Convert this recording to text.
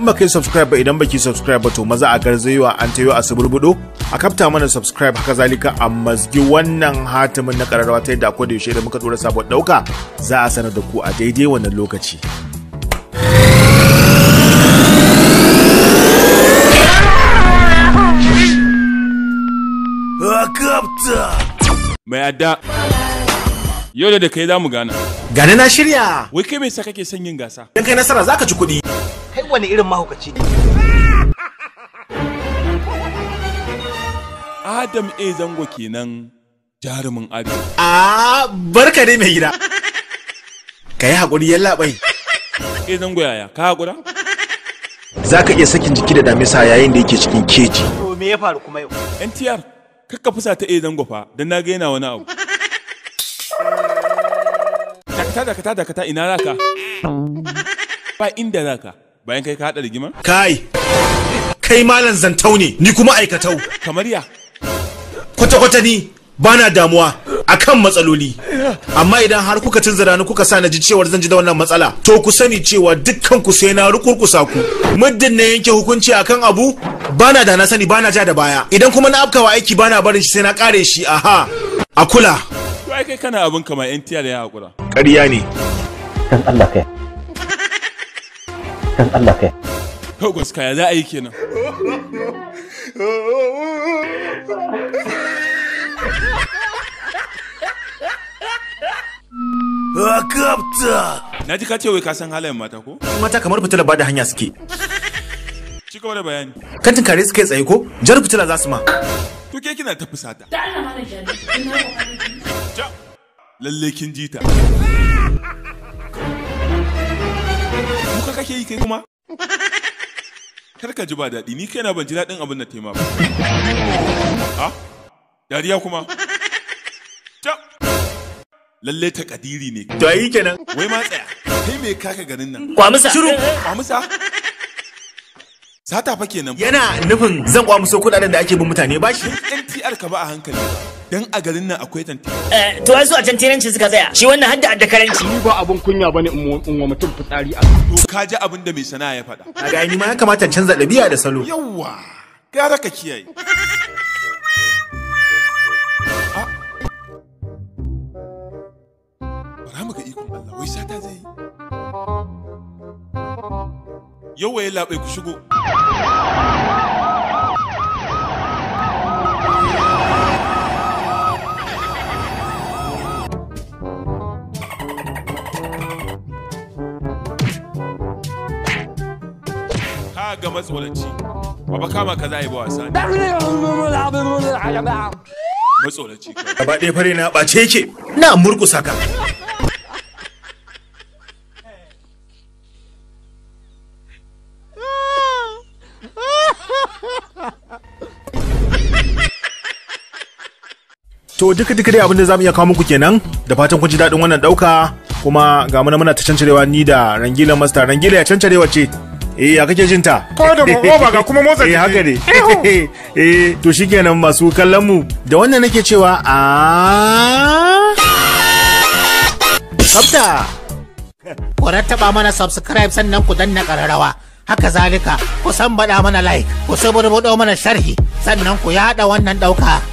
in ba kai subscribe ba idan baki subscribe ba to maza a garzayewa an tayo a suburbudo a kafta mana subscribe haka zalika a mazgi wannan hatimin na kararrawa ta yadda akwai da yaushe da muka dora sabon dauka za a sanar da ku a daidai wannan lokaci Mai adda. Yau da kai za mu gana. gani na shirya. Wai kai mai sa kake son yin gasa. idan kai nasara zaka ci kuɗi. kai wani irin mahaukaci ne adam a zango kenan jarumin adam a barka dai mai gida ka yi haƙuri yallaɓai a zango yaya ka haƙura za ka iya sakin jiki da damisa yayin da yake cikin keji to me ya faru kuma yau ntr kakka fusa ta a zango fa don na ga yana wani abu dakata dakata dakata ina raka ba inda raka bayan kai ka haɗa rigima? Kai! Kai malam zantau ne, ni kuma aikatau. Kamar ya? Kwata-kwata ni bana damuwa akan matsaloli. Amma idan har kuka cin zarani kuka sa na ji cewar zan ji da wannan matsala, to ku sani cewa dukkan ku sai na rukurkusa ku. Muddin na yanke hukunci akan abu, bana da na sani bana ja da baya. Idan kuma na afkawa aiki bana barin shi sai na kare shi, aha. A kula. To ai kai kana abin kamar 'yan da ya hakura Ƙarya ne. Dan Allah kai. dan Allah kai to gaskiya za a yi kenan Kapta! Ah, Na ji ka ce wai ka san halayen mata ko? Mata kamar fitila ba da hanya suke. Ci gaba da bayani. Kantin kare su kai tsaye ko? Jar fitila za su ma. To ke kina ta fusata. Lalle kin ji ta. kake yi kai kuma Karka ji ba daɗi ni kai na ban ji daɗin abin da tema ba a dariya kuma lalle ta kadiri ne da yi kenan wai ma tsaya kai me kaka ganin nan kwamusa shiru kwamusa sata fa kenan yana nufin zan kwa muso kudaden da ake bin mutane ba shi NTR ka ba a hankali ba, dan a garin nan akwai tanti eh to su a tantiranci suka tsaya shi wannan hadda adda karanci ni ba abun kunya bane in wa mutum fitsari a to ka ji abin da mai sana'a ya faɗa a ga ni ma ya kamata canza ɗabi'a da salo yawwa gara ka kiyaye Yau ah. wai ya laɓe ku shigo ga matsoraci ba ba kama ka za yi ba wasa matsoraci ba ɗaya fare na ɓace yake na murƙusa ka to duka duka dai abinda zamu iya kawo muku kenan da fatan kun ji daɗin wannan ɗauka kuma ga muna muna ta cancarewa ni da rangila master rangila ya cancarewa ce eh ya kake jinta ko da ba ga kuma motsa jiki eh haka ne eh to shikenan masu kallon mu da wannan nake cewa a tsafta ku rattaba mana subscribe sannan ku danna kararrawa haka zalika ku san bada mana like ku saburbudo mana sharhi sannan ku yada wannan dauka